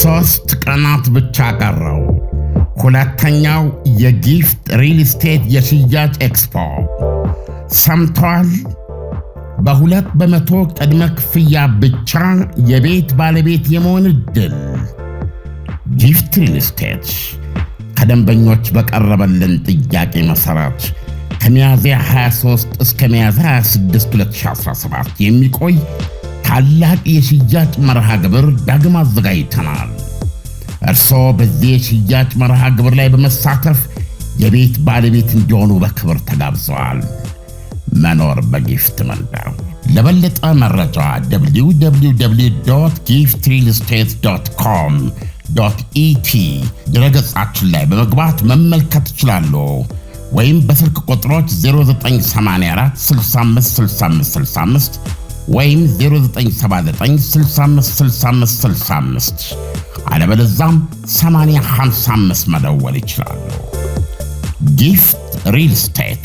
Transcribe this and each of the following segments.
ሶስት ቀናት ብቻ ቀረው። ሁለተኛው የጊፍት ሪል ስቴት የሽያጭ ኤክስፖ ሰምተዋል። በሁለት በመቶ ቅድመ ክፍያ ብቻ የቤት ባለቤት የመሆን እድል። ጊፍት ሪል ስቴት ከደንበኞች በቀረበልን ጥያቄ መሠረት ከሚያዝያ 23 እስከ ሚያዝያ 26 2017 የሚቆይ ታላቅ የሽያጭ መርሃ ግብር ዳግም አዘጋጅተናል። እርስዎ በዚህ የሽያጭ መርሃ ግብር ላይ በመሳተፍ የቤት ባለቤት እንዲሆኑ በክብር ተጋብዘዋል። መኖር በጊፍት መንደር። ለበለጠ መረጃ www ጊፍት ሪል ስቴት ዶት ኮም ዶት ኢቲ ድረገጻችን ላይ በመግባት መመልከት ይችላሉ። ወይም በስልክ ቁጥሮች 0984 65 65 65 ወይም 0979656565 አለበለዛም 855 መደወል ይችላሉ። ጊፍት ሪል ስቴት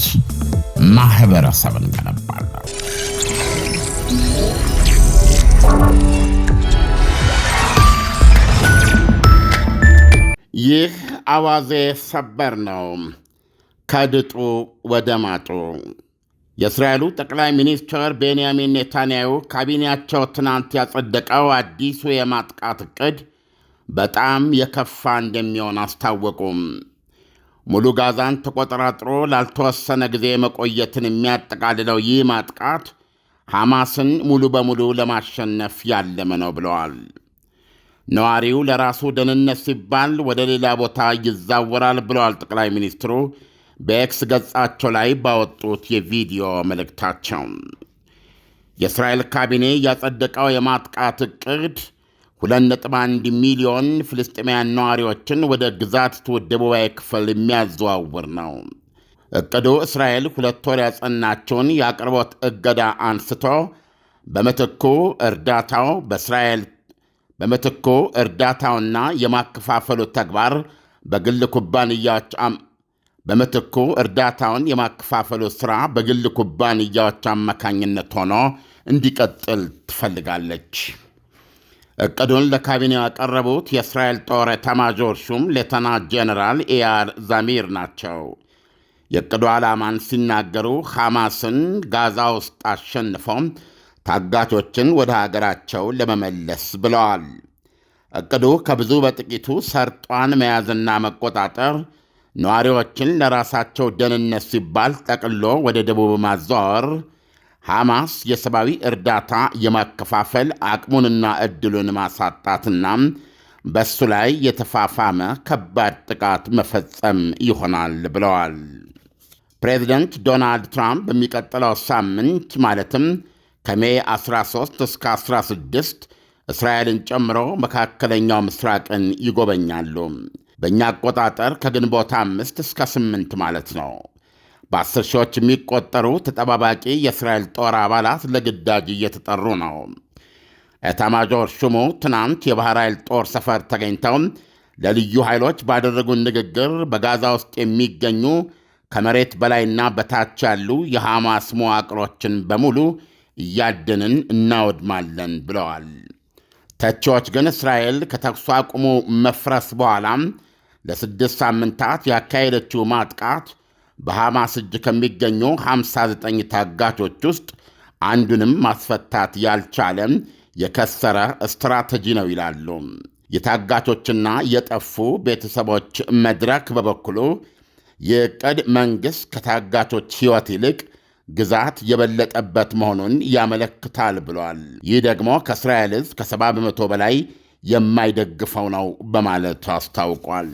ማህበረሰብን ገነባለን። ይህ አዋዜ ሰበር ነው። ከድጡ ወደ ማጡ የእስራኤሉ ጠቅላይ ሚኒስትር ቤንያሚን ኔታንያሁ ካቢኔያቸው ትናንት ያጸደቀው አዲሱ የማጥቃት ዕቅድ በጣም የከፋ እንደሚሆን አስታወቁም። ሙሉ ጋዛን ተቆጠራጥሮ ላልተወሰነ ጊዜ መቆየትን የሚያጠቃልለው ይህ ማጥቃት ሐማስን ሙሉ በሙሉ ለማሸነፍ ያለመ ነው ብለዋል። ነዋሪው ለራሱ ደህንነት ሲባል ወደ ሌላ ቦታ ይዛወራል ብለዋል ጠቅላይ ሚኒስትሩ በኤክስ ገጻቸው ላይ ባወጡት የቪዲዮ መልእክታቸው የእስራኤል ካቢኔ ያጸደቀው የማጥቃት ዕቅድ 2.1 ሚሊዮን ፍልስጤማውያን ነዋሪዎችን ወደ ግዛቲቱ ደቡባዊ ክፍል የሚያዘዋውር ነው። እቅዱ እስራኤል ሁለት ወር ያጸናቸውን የአቅርቦት እገዳ አንስቶ በምትኩ እርዳታው በእስራኤል በምትኩ እርዳታውና የማከፋፈሉ ተግባር በግል ኩባንያዎች በምትኩ እርዳታውን የማከፋፈሉ ሥራ በግል ኩባንያዎች አማካኝነት ሆኖ እንዲቀጥል ትፈልጋለች። እቅዱን ለካቢኔው ያቀረቡት የእስራኤል ጦር ኤታማዦር ሹም ሌተና ጄኔራል ኤያር ዛሚር ናቸው። የእቅዱ ዓላማን ሲናገሩ ሐማስን ጋዛ ውስጥ አሸንፎም ታጋቾችን ወደ አገራቸው ለመመለስ ብለዋል። እቅዱ ከብዙ በጥቂቱ ሰርጧን መያዝና መቆጣጠር ነዋሪዎችን ለራሳቸው ደህንነት ሲባል ጠቅሎ ወደ ደቡብ ማዛወር ሐማስ የሰብአዊ እርዳታ የማከፋፈል አቅሙንና ዕድሉን ማሳጣትና በሱ ላይ የተፋፋመ ከባድ ጥቃት መፈጸም ይሆናል ብለዋል። ፕሬዚደንት ዶናልድ ትራምፕ በሚቀጥለው ሳምንት ማለትም ከሜይ 13 እስከ 16 እስራኤልን ጨምሮ መካከለኛው ምስራቅን ይጎበኛሉ። በእኛ አቆጣጠር ከግንቦት አምስት እስከ ስምንት ማለት ነው። በአስር ሺዎች የሚቆጠሩ ተጠባባቂ የእስራኤል ጦር አባላት ለግዳጅ እየተጠሩ ነው። ኤታማዦር ሹሙ ትናንት የባሕር ኃይል ጦር ሰፈር ተገኝተው ለልዩ ኃይሎች ባደረጉ ንግግር በጋዛ ውስጥ የሚገኙ ከመሬት በላይና በታች ያሉ የሐማስ መዋቅሮችን በሙሉ እያደንን እናወድማለን ብለዋል። ተቺዎች ግን እስራኤል ከተኩስ አቁሙ መፍረስ በኋላም ለስድስት ሳምንታት ያካሄደችው ማጥቃት በሐማስ እጅ ከሚገኙ 59 ታጋቾች ውስጥ አንዱንም ማስፈታት ያልቻለ የከሰረ ስትራቴጂ ነው ይላሉ። የታጋቾችና የጠፉ ቤተሰቦች መድረክ በበኩሉ የቅድ መንግሥት ከታጋቾች ሕይወት ይልቅ ግዛት የበለጠበት መሆኑን ያመለክታል ብሏል። ይህ ደግሞ ከእስራኤል ሕዝብ ከ70 በመቶ በላይ የማይደግፈው ነው በማለት አስታውቋል።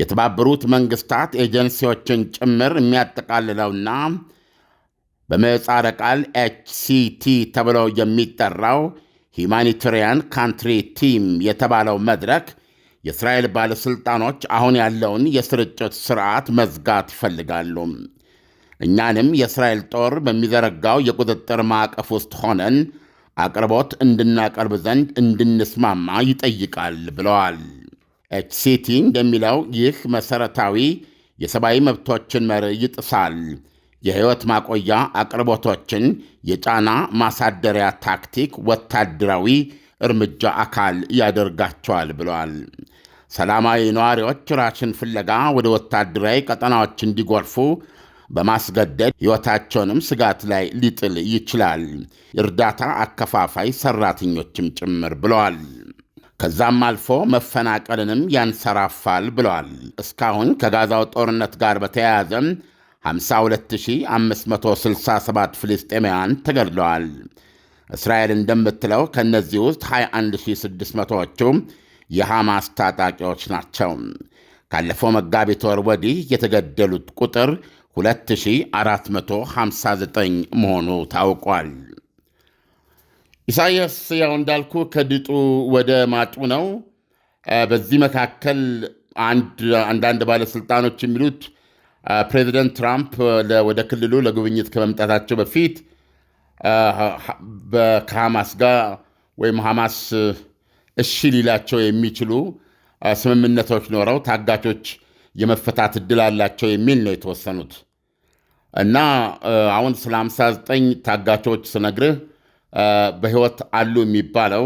የተባበሩት መንግስታት ኤጀንሲዎችን ጭምር የሚያጠቃልለውና በምህጻረ ቃል ኤችሲቲ ተብሎ የሚጠራው ሂማኒቴሪያን ካንትሪ ቲም የተባለው መድረክ የእስራኤል ባለሥልጣኖች አሁን ያለውን የስርጭት ሥርዓት መዝጋት ይፈልጋሉ። እኛንም የእስራኤል ጦር በሚዘረጋው የቁጥጥር ማዕቀፍ ውስጥ ሆነን አቅርቦት እንድናቀርብ ዘንድ እንድንስማማ ይጠይቃል ብለዋል። ኤችሲቲ እንደሚለው ይህ መሠረታዊ የሰብአዊ መብቶችን መርህ ይጥሳል። የሕይወት ማቆያ አቅርቦቶችን የጫና ማሳደሪያ ታክቲክ ወታደራዊ እርምጃ አካል ያደርጋቸዋል ብለዋል። ሰላማዊ ነዋሪዎች ራሽን ፍለጋ ወደ ወታደራዊ ቀጠናዎች እንዲጎርፉ በማስገደድ ሕይወታቸውንም ስጋት ላይ ሊጥል ይችላል፣ እርዳታ አከፋፋይ ሠራተኞችም ጭምር ብለዋል። ከዛም አልፎ መፈናቀልንም ያንሰራፋል ብለዋል። እስካሁን ከጋዛው ጦርነት ጋር በተያያዘ 52567 ፍልስጤማውያን ተገድለዋል። እስራኤል እንደምትለው ከእነዚህ ውስጥ 21600ዎቹ የሐማስ ታጣቂዎች ናቸው። ካለፈው መጋቢት ወር ወዲህ የተገደሉት ቁጥር 2459 መሆኑ ታውቋል። ኢሳይያስ ያው እንዳልኩ ከድጡ ወደ ማጡ ነው። በዚህ መካከል አንዳንድ ባለስልጣኖች የሚሉት ፕሬዚደንት ትራምፕ ወደ ክልሉ ለጉብኝት ከመምጣታቸው በፊት ከሐማስ ጋር ወይም ሐማስ እሺ ሊላቸው የሚችሉ ስምምነቶች ኖረው ታጋቾች የመፈታት እድል አላቸው የሚል ነው የተወሰኑት እና አሁን ስለ 59 ታጋቾች ስነግርህ በህይወት አሉ የሚባለው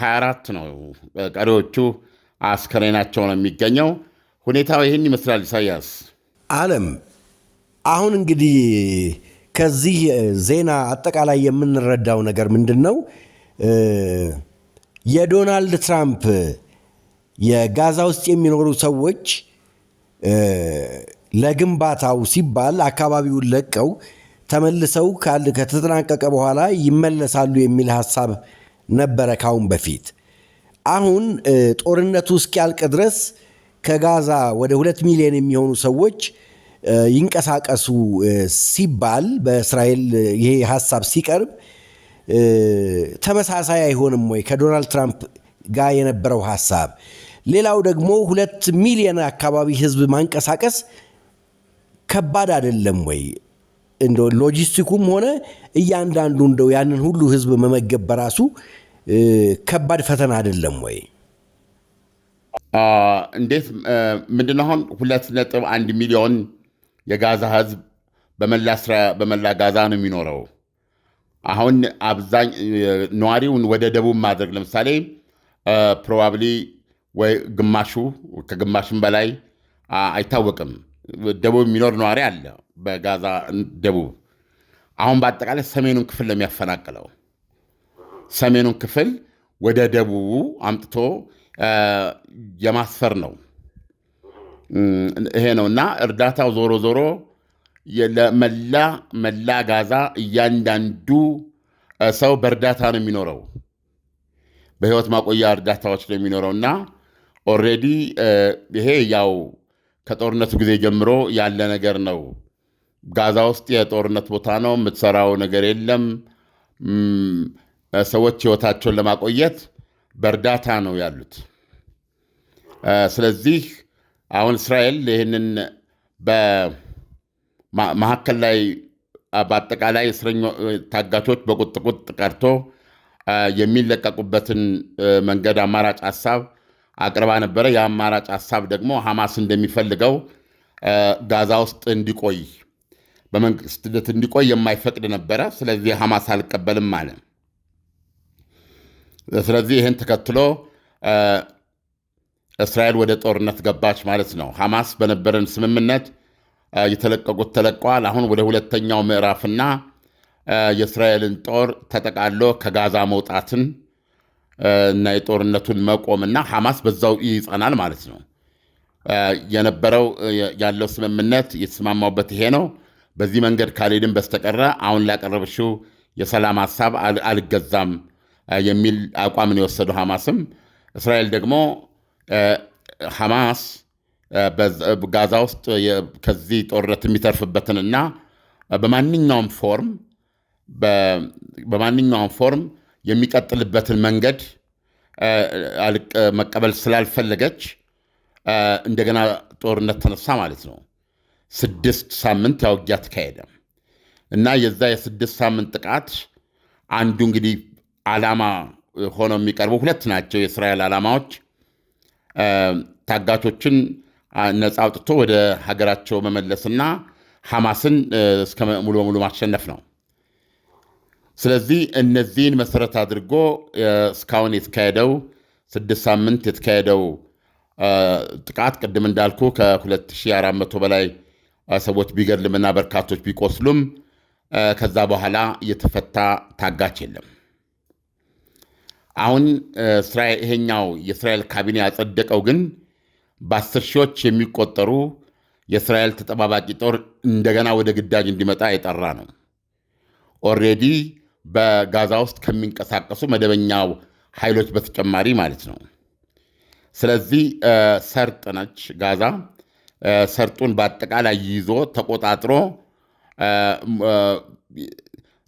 24 ነው። ቀሪዎቹ አስከሬናቸው ነው የሚገኘው። ሁኔታው ይህን ይመስላል። ኢሳያስ አለም፣ አሁን እንግዲህ ከዚህ ዜና አጠቃላይ የምንረዳው ነገር ምንድን ነው? የዶናልድ ትራምፕ የጋዛ ውስጥ የሚኖሩ ሰዎች ለግንባታው ሲባል አካባቢውን ለቀው ተመልሰው ከተጠናቀቀ በኋላ ይመለሳሉ የሚል ሀሳብ ነበረ ካሁን በፊት። አሁን ጦርነቱ እስኪያልቅ ድረስ ከጋዛ ወደ ሁለት ሚሊዮን የሚሆኑ ሰዎች ይንቀሳቀሱ ሲባል በእስራኤል ይሄ ሀሳብ ሲቀርብ ተመሳሳይ አይሆንም ወይ ከዶናልድ ትራምፕ ጋር የነበረው ሀሳብ? ሌላው ደግሞ ሁለት ሚሊዮን አካባቢ ህዝብ ማንቀሳቀስ ከባድ አይደለም ወይ? እንደ ሎጂስቲኩም ሆነ እያንዳንዱ እንደው ያንን ሁሉ ህዝብ መመገብ በራሱ ከባድ ፈተና አይደለም ወይ? እንዴት ምንድን አሁን ሁለት ነጥብ አንድ ሚሊዮን የጋዛ ህዝብ በመላ ጋዛ ነው የሚኖረው። አሁን አብዛኝ ነዋሪውን ወደ ደቡብ ማድረግ ለምሳሌ ፕሮባብሊ ወይ ግማሹ ከግማሽም በላይ አይታወቅም ደቡብ የሚኖር ነዋሪ አለ በጋዛ ደቡብ። አሁን በአጠቃላይ ሰሜኑን ክፍል ለሚያፈናቅለው ሰሜኑን ክፍል ወደ ደቡቡ አምጥቶ የማስፈር ነው። ይሄ ነው እና እርዳታው ዞሮ ዞሮ ለመላ መላ ጋዛ እያንዳንዱ ሰው በእርዳታ ነው የሚኖረው፣ በህይወት ማቆያ እርዳታዎች ነው የሚኖረው እና ኦልሬዲ ይሄ ያው ከጦርነቱ ጊዜ ጀምሮ ያለ ነገር ነው። ጋዛ ውስጥ የጦርነት ቦታ ነው። የምትሰራው ነገር የለም። ሰዎች ህይወታቸውን ለማቆየት በእርዳታ ነው ያሉት። ስለዚህ አሁን እስራኤል ይህንን በመካከል ላይ በአጠቃላይ እስረኛ ታጋቾች በቁጥቁጥ ቀርቶ የሚለቀቁበትን መንገድ አማራጭ ሀሳብ አቅርባ ነበረ። የአማራጭ ሀሳብ ደግሞ ሐማስ እንደሚፈልገው ጋዛ ውስጥ እንዲቆይ በመንግስትነት እንዲቆይ የማይፈቅድ ነበረ። ስለዚህ ሐማስ አልቀበልም አለ። ስለዚህ ይህን ተከትሎ እስራኤል ወደ ጦርነት ገባች ማለት ነው። ሐማስ በነበረን ስምምነት የተለቀቁት ተለቀዋል። አሁን ወደ ሁለተኛው ምዕራፍና የእስራኤልን ጦር ተጠቃሎ ከጋዛ መውጣትን እና የጦርነቱን መቆም እና ሐማስ በዛው ይጸናል ማለት ነው። የነበረው ያለው ስምምነት የተስማማውበት ይሄ ነው። በዚህ መንገድ ካልሄድን በስተቀረ አሁን ላቀረበችው የሰላም ሀሳብ አልገዛም የሚል አቋምን የወሰደው ሐማስም እስራኤል ደግሞ ሐማስ ጋዛ ውስጥ ከዚህ ጦርነት የሚተርፍበትንና በማንኛውም ፎርም በማንኛውም ፎርም የሚቀጥልበትን መንገድ መቀበል ስላልፈለገች እንደገና ጦርነት ተነሳ ማለት ነው። ስድስት ሳምንት ያውጊያ ተካሄደ እና የዛ የስድስት ሳምንት ጥቃት አንዱ እንግዲህ ዓላማ ሆነው የሚቀርቡ ሁለት ናቸው የእስራኤል ዓላማዎች ታጋቾችን ነፃ አውጥቶ ወደ ሀገራቸው መመለስና ሐማስን እስከ ሙሉ በሙሉ ማሸነፍ ነው። ስለዚህ እነዚህን መሰረት አድርጎ እስካሁን የተካሄደው ስድስት ሳምንት የተካሄደው ጥቃት ቅድም እንዳልኩ ከ2400 በላይ ሰዎች ቢገድልምና በርካቶች ቢቆስሉም ከዛ በኋላ የተፈታ ታጋች የለም። አሁን ይሄኛው የእስራኤል ካቢኔ ያጸደቀው ግን በአስር ሺዎች የሚቆጠሩ የእስራኤል ተጠባባቂ ጦር እንደገና ወደ ግዳጅ እንዲመጣ የጠራ ነው። ኦልሬዲ በጋዛ ውስጥ ከሚንቀሳቀሱ መደበኛው ኃይሎች በተጨማሪ ማለት ነው። ስለዚህ ሰርጥ ነች ጋዛ። ሰርጡን በአጠቃላይ ይዞ ተቆጣጥሮ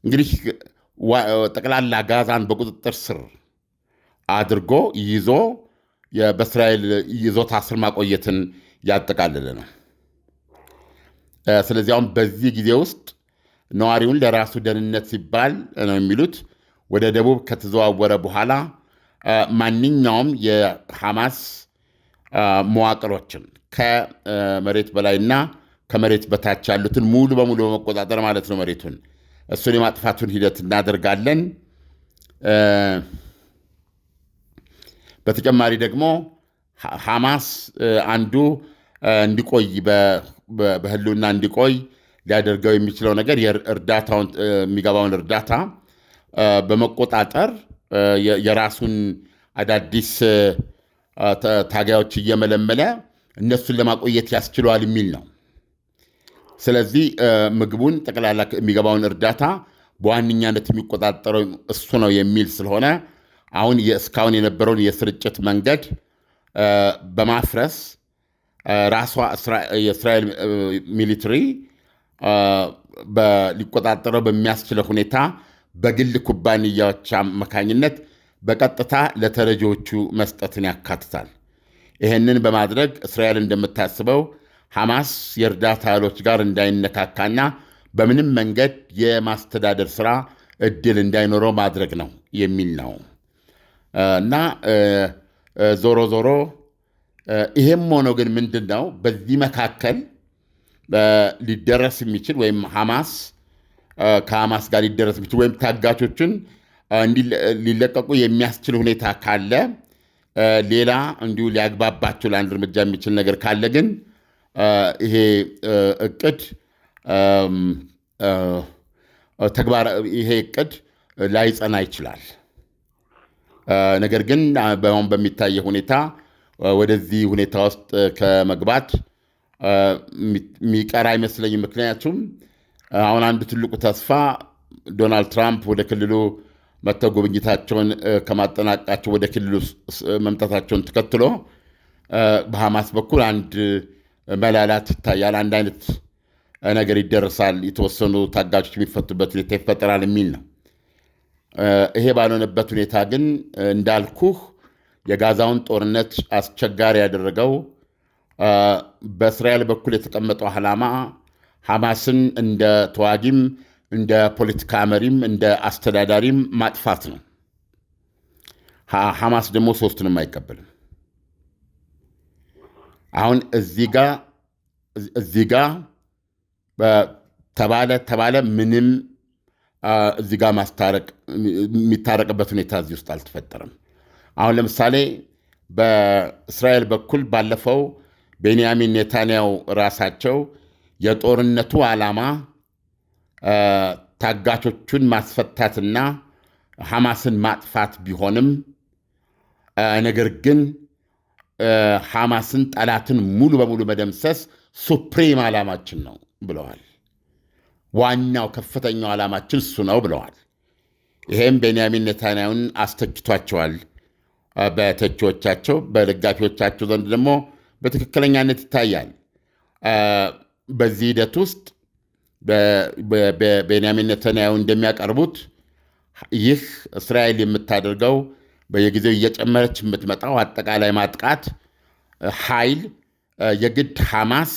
እንግዲህ ጠቅላላ ጋዛን በቁጥጥር ስር አድርጎ ይዞ በእስራኤል ይዞታ ስር ማቆየትን ያጠቃልል ነው። ስለዚህ አሁን በዚህ ጊዜ ውስጥ ነዋሪውን ለራሱ ደህንነት ሲባል ነው የሚሉት ወደ ደቡብ ከተዘዋወረ በኋላ ማንኛውም የሐማስ መዋቅሮችን ከመሬት በላይና ከመሬት በታች ያሉትን ሙሉ በሙሉ በመቆጣጠር ማለት ነው መሬቱን እሱን የማጥፋቱን ሂደት እናደርጋለን። በተጨማሪ ደግሞ ሐማስ አንዱ እንዲቆይ በህልውና እንዲቆይ ሊያደርገው የሚችለው ነገር እርዳታውን የሚገባውን እርዳታ በመቆጣጠር የራሱን አዳዲስ ታጋዮች እየመለመለ እነሱን ለማቆየት ያስችለዋል የሚል ነው። ስለዚህ ምግቡን ጠቅላላ የሚገባውን እርዳታ በዋነኛነት የሚቆጣጠረው እሱ ነው የሚል ስለሆነ አሁን እስካሁን የነበረውን የስርጭት መንገድ በማፍረስ ራሷ የእስራኤል ሚሊትሪ ሊቆጣጠረው በሚያስችለው ሁኔታ በግል ኩባንያዎች አማካኝነት በቀጥታ ለተረጂዎቹ መስጠትን ያካትታል። ይህንን በማድረግ እስራኤል እንደምታስበው ሐማስ የእርዳታ ኃይሎች ጋር እንዳይነካካና በምንም መንገድ የማስተዳደር ስራ እድል እንዳይኖረው ማድረግ ነው የሚል ነው እና ዞሮ ዞሮ ይሄም ሆኖ ግን ምንድን ነው በዚህ መካከል ሊደረስ የሚችል ወይም ሐማስ ከሐማስ ጋር ሊደረስ የሚችል ወይም ታጋቾችን ሊለቀቁ የሚያስችል ሁኔታ ካለ ሌላ እንዲሁ ሊያግባባቸው ለአንድ እርምጃ የሚችል ነገር ካለ ግን ይሄ እቅድ ተግባር ይሄ እቅድ ላይጸና ይችላል። ነገር ግን በሚታየ ሁኔታ ወደዚህ ሁኔታ ውስጥ ከመግባት የሚቀር አይመስለኝ። ምክንያቱም አሁን አንዱ ትልቁ ተስፋ ዶናልድ ትራምፕ ወደ ክልሉ መጥተው ጉብኝታቸውን ከማጠናቀቃቸው ወደ ክልሉ መምጣታቸውን ተከትሎ በሐማስ በኩል አንድ መላላት ይታያል። አንድ አይነት ነገር ይደረሳል፣ የተወሰኑ ታጋቾች የሚፈቱበት ሁኔታ ይፈጠራል የሚል ነው። ይሄ ባልሆነበት ሁኔታ ግን እንዳልኩህ የጋዛውን ጦርነት አስቸጋሪ ያደረገው በእስራኤል በኩል የተቀመጠው ዓላማ ሐማስን እንደ ተዋጊም እንደ ፖለቲካ መሪም እንደ አስተዳዳሪም ማጥፋት ነው። ሐማስ ደግሞ ሶስቱንም አይቀበልም። አሁን እዚህ ጋ ተባለ ተባለ ምንም እዚህ ጋ ማስታረቅ የሚታረቅበት ሁኔታ እዚህ ውስጥ አልተፈጠረም። አሁን ለምሳሌ በእስራኤል በኩል ባለፈው ቤንያሚን ኔታንያው ራሳቸው የጦርነቱ ዓላማ ታጋቾቹን ማስፈታትና ሐማስን ማጥፋት ቢሆንም ነገር ግን ሐማስን ጠላትን ሙሉ በሙሉ መደምሰስ ሱፕሪም ዓላማችን ነው ብለዋል። ዋናው ከፍተኛው ዓላማችን እሱ ነው ብለዋል። ይሄም ቤንያሚን ኔታንያሁን አስተችቷቸዋል በተቺዎቻቸው፣ በደጋፊዎቻቸው ዘንድ ደግሞ በትክክለኛነት ይታያል። በዚህ ሂደት ውስጥ ቤንያሚን ኔታንያሁ እንደሚያቀርቡት ይህ እስራኤል የምታደርገው በየጊዜው እየጨመረች የምትመጣው አጠቃላይ ማጥቃት ኃይል የግድ ሐማስ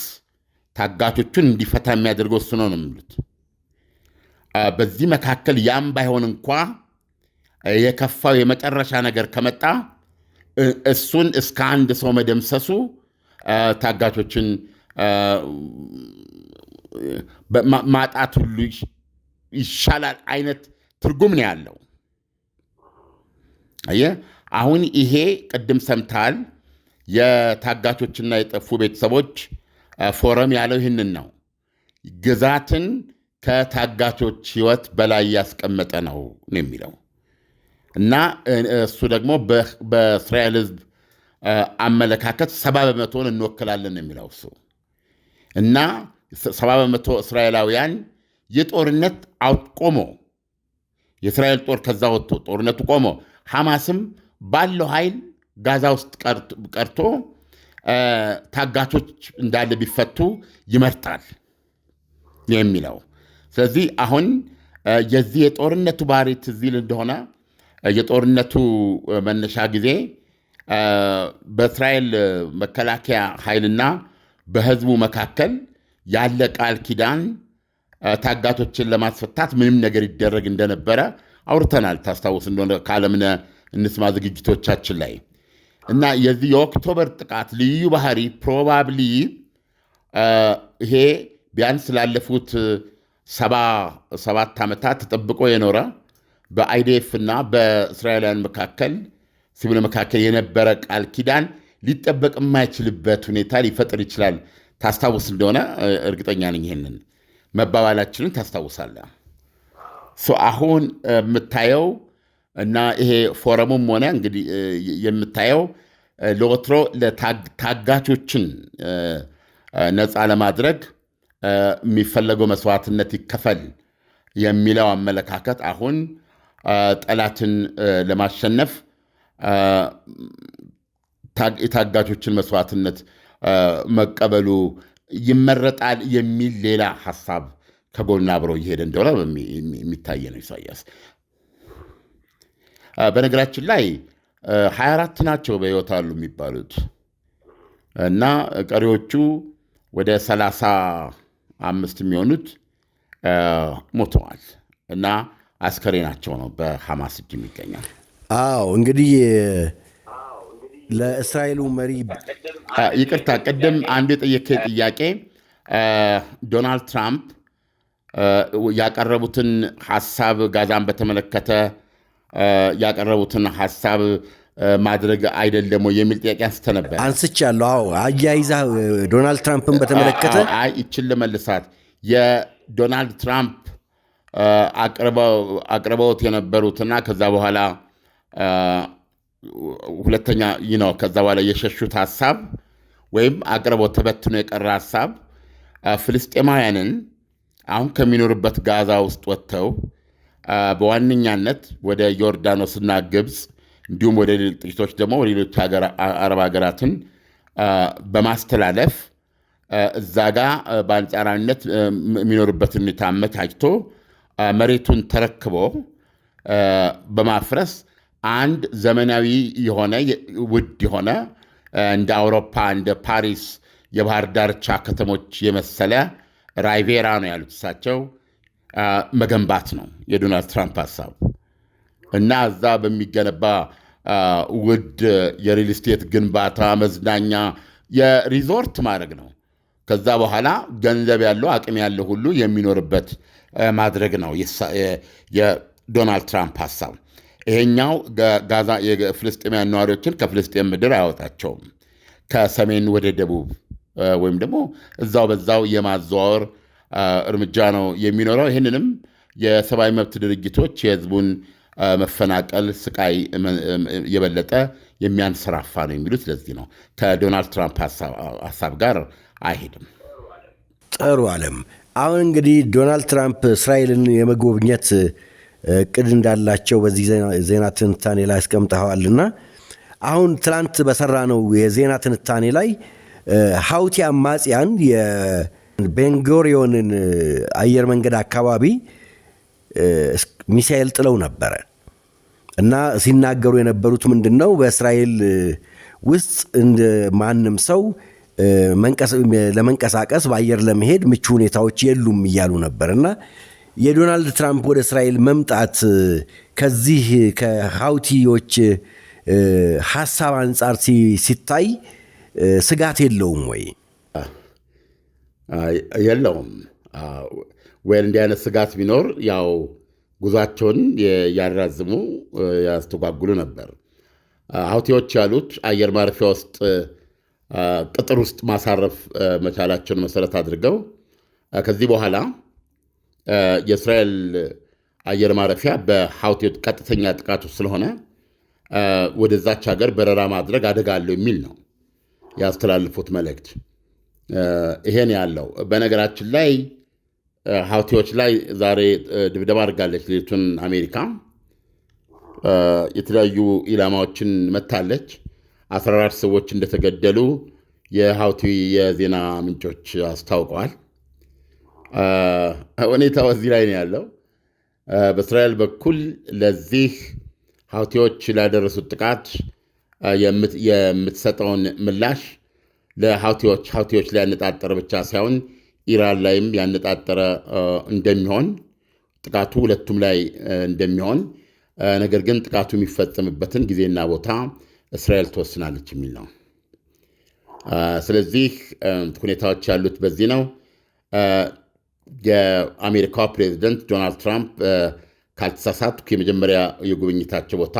ታጋቾቹን እንዲፈታ የሚያደርገው እሱ ነው ነው የሚሉት። በዚህ መካከል ያም ባይሆን እንኳ የከፋው የመጨረሻ ነገር ከመጣ እሱን እስከ አንድ ሰው መደምሰሱ ታጋቾችን ማጣት ሁሉ ይሻላል አይነት ትርጉም ነው ያለው። አየህ አሁን ይሄ ቅድም ሰምተሃል። የታጋቾችና የጠፉ ቤተሰቦች ፎረም ያለው ይህንን ነው። ግዛትን ከታጋቾች ሕይወት በላይ ያስቀመጠ ነው ነው የሚለው እና እሱ ደግሞ በእስራኤል ሕዝብ አመለካከት ሰባ በመቶን እንወክላለን የሚለው እሱ እና ሰባ በመቶ እስራኤላውያን የጦርነት አቆሞ የእስራኤል ጦር ከዛ ወጥቶ ጦርነቱ ቆሞ ሐማስም ባለው ኃይል ጋዛ ውስጥ ቀርቶ ታጋቾች እንዳለ ቢፈቱ ይመርጣል የሚለው። ስለዚህ አሁን የዚህ የጦርነቱ ባህሪ ትዝ ይል እንደሆነ የጦርነቱ መነሻ ጊዜ በእስራኤል መከላከያ ኃይልና በህዝቡ መካከል ያለ ቃል ኪዳን ታጋቶችን ለማስፈታት ምንም ነገር ይደረግ እንደነበረ አውርተናል። ታስታውስ እንደሆነ ከዓለምነ እንስማ ዝግጅቶቻችን ላይ እና የዚህ የኦክቶበር ጥቃት ልዩ ባህሪ ፕሮባብሊ ይሄ ቢያንስ ላለፉት ሰባ ሰባት ዓመታት ተጠብቆ የኖረ በአይዲኤፍ እና በእስራኤላውያን መካከል ሲቪል መካከል የነበረ ቃል ኪዳን ሊጠበቅ የማይችልበት ሁኔታ ሊፈጥር ይችላል። ታስታውስ እንደሆነ እርግጠኛ ነኝ ይሄንን መባባላችንን ታስታውሳለህ። አሁን የምታየው እና ይሄ ፎረሙም ሆነ እንግዲህ የምታየው ለወትሮ ታጋቾችን ነፃ ለማድረግ የሚፈለገው መስዋዕትነት ይከፈል የሚለው አመለካከት አሁን ጠላትን ለማሸነፍ የታጋቾችን መስዋዕትነት መቀበሉ ይመረጣል የሚል ሌላ ሀሳብ ከጎና አብሮ እየሄደ እንደሆነ የሚታየ ነው። ኢሳያስ በነገራችን ላይ ሀያ አራት ናቸው በህይወት አሉ የሚባሉት እና ቀሪዎቹ ወደ ሰላሳ አምስት የሚሆኑት ሞተዋል እና አስከሬናቸው ነው በሐማስ እጅ የሚገኛል። አዎ እንግዲህ ለእስራኤሉ መሪ ይቅርታ፣ ቅድም አንዱ የጠየከ ጥያቄ ዶናልድ ትራምፕ ያቀረቡትን ሀሳብ ጋዛን በተመለከተ ያቀረቡትን ሀሳብ ማድረግ አይደለም ወይ የሚል ጥያቄ አንስተ ነበር። አንስቻለሁ። አዎ አያይዛ ዶናልድ ትራምፕን በተመለከተ ይችን ልመልሳት። የዶናልድ ትራምፕ አቅርበውት የነበሩትና ከዛ በኋላ ሁለተኛ ይህ ነው። ከዛ በኋላ የሸሹት ሀሳብ ወይም አቅርቦ ተበትኖ የቀረ ሀሳብ ፍልስጤማውያንን አሁን ከሚኖርበት ጋዛ ውስጥ ወጥተው በዋነኛነት ወደ ዮርዳኖስና ግብፅ እንዲሁም ወደ ጥቂቶች ደግሞ ወደ ሌሎች አረብ ሀገራትን በማስተላለፍ እዛ ጋ በአንጻራዊነት የሚኖርበት ሁኔታ አመቻችቶ መሬቱን ተረክቦ በማፍረስ አንድ ዘመናዊ የሆነ ውድ የሆነ እንደ አውሮፓ እንደ ፓሪስ የባህር ዳርቻ ከተሞች የመሰለ ራይቬራ ነው ያሉት እሳቸው መገንባት ነው የዶናልድ ትራምፕ ሀሳብ እና እዛ በሚገነባ ውድ የሪል ስቴት ግንባታ መዝናኛ የሪዞርት ማድረግ ነው። ከዛ በኋላ ገንዘብ ያለው አቅም ያለው ሁሉ የሚኖርበት ማድረግ ነው የዶናልድ ትራምፕ ሀሳብ። ይሄኛው ጋዛ የፍልስጤማውያን ነዋሪዎችን ከፍልስጤም ምድር አያወጣቸውም። ከሰሜን ወደ ደቡብ ወይም ደግሞ እዛው በዛው የማዘዋወር እርምጃ ነው የሚኖረው። ይህንንም የሰብአዊ መብት ድርጅቶች የህዝቡን መፈናቀል፣ ስቃይ የበለጠ የሚያንሰራፋ ነው የሚሉት ለዚህ ነው። ከዶናልድ ትራምፕ ሀሳብ ጋር አይሄድም። ጥሩ አለም አሁን እንግዲህ ዶናልድ ትራምፕ እስራኤልን የመጎብኘት እቅድ እንዳላቸው በዚህ ዜና ትንታኔ ላይ አስቀምጠዋልና አሁን ትናንት ነው የዜና ትንታኔ ላይ ሀውቲ አማጽያን የቤንጎሪዮንን አየር መንገድ አካባቢ ሚሳኤል ጥለው ነበረ እና ሲናገሩ የነበሩት ምንድን ነው? በእስራኤል ውስጥ ማንም ሰው ለመንቀሳቀስ በአየር ለመሄድ ምቹ ሁኔታዎች የሉም እያሉ ነበር እና የዶናልድ ትራምፕ ወደ እስራኤል መምጣት ከዚህ ከሀውቲዎች ሀሳብ አንጻር ሲታይ ስጋት የለውም ወይ? የለውም። ወይ እንዲህ አይነት ስጋት ቢኖር ያው ጉዟቸውን ያራዝሙ ያስተጓጉሉ ነበር። ሀውቲዎች ያሉት አየር ማረፊያ ውስጥ ቅጥር ውስጥ ማሳረፍ መቻላቸውን መሰረት አድርገው ከዚህ በኋላ የእስራኤል አየር ማረፊያ በሀውቴ ቀጥተኛ ጥቃት ውስጥ ስለሆነ ወደዛች ሀገር በረራ ማድረግ አደጋ አለው የሚል ነው ያስተላልፉት መልእክት። ይሄን ያለው በነገራችን ላይ ሀውቴዎች ላይ ዛሬ ድብደባ አድርጋለች። ሌቱን አሜሪካ የተለያዩ ኢላማዎችን መታለች። 14 ሰዎች እንደተገደሉ የሀውቲ የዜና ምንጮች አስታውቀዋል። ሁኔታው እዚህ ላይ ነው ያለው። በእስራኤል በኩል ለዚህ ሀውቲዎች ላደረሱት ጥቃት የምትሰጠውን ምላሽ ለሀውቲዎች ሀውቲዎች ላይ ያነጣጠረ ብቻ ሳይሆን ኢራን ላይም ያነጣጠረ እንደሚሆን ጥቃቱ ሁለቱም ላይ እንደሚሆን ነገር ግን ጥቃቱ የሚፈጸምበትን ጊዜና ቦታ እስራኤል ትወስናለች የሚል ነው። ስለዚህ ሁኔታዎች ያሉት በዚህ ነው። የአሜሪካ ፕሬዚደንት ዶናልድ ትራምፕ ካልተሳሳትኩ የመጀመሪያ የጉብኝታቸው ቦታ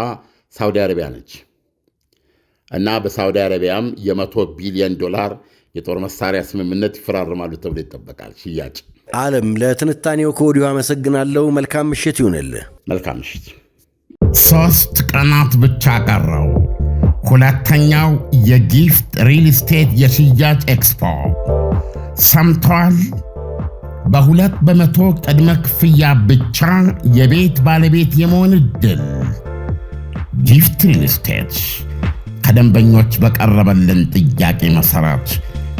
ሳውዲ አረቢያ ነች እና በሳውዲ አረቢያም የመቶ ቢሊዮን ዶላር የጦር መሳሪያ ስምምነት ይፈራርማሉ ተብሎ ይጠበቃል። ሽያጭ አለም ለትንታኔው ከወዲሁ አመሰግናለሁ። መልካም ምሽት ይሁንልህ። መልካም ምሽት። ሶስት ቀናት ብቻ ቀረው ሁለተኛው የጊፍት ሪል ስቴት የሽያጭ ኤክስፖ ሰምተዋል። በሁለት በመቶ ቅድመ ክፍያ ብቻ የቤት ባለቤት የመሆን እድል ጊፍት ሪል ስቴት ከደንበኞች በቀረበልን ጥያቄ መሠረት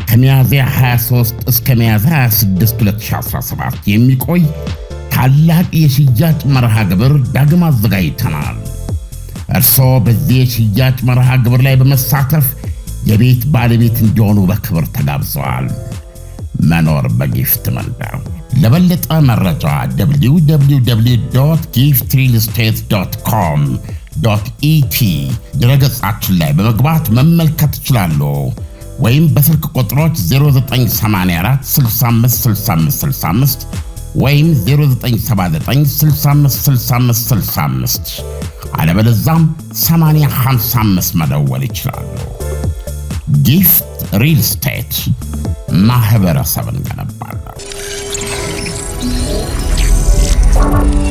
ከሚያዝያ 23 እስከ ሚያዝያ 26 2017 የሚቆይ ታላቅ የሽያጭ መርሃ ግብር ዳግም አዘጋጅተናል። እርስዎ በዚህ የሽያጭ መርሃ ግብር ላይ በመሳተፍ የቤት ባለቤት እንዲሆኑ በክብር ተጋብዘዋል። መኖር በጊፍት መልበሩ። ለበለጠ መረጃ ደብሊው ዶት ዶት ኮም ዶት ኢቲ ድረገጻችን ላይ በመግባት መመልከት ይችላሉ ወይም በስልክ ቁጥሮች 0984656565 ወይም 0979656565 አለበለዛም 855 መደወል ይችላሉ። ጊፍት ሪል ስቴት ማህበረሰብን ገነባለን።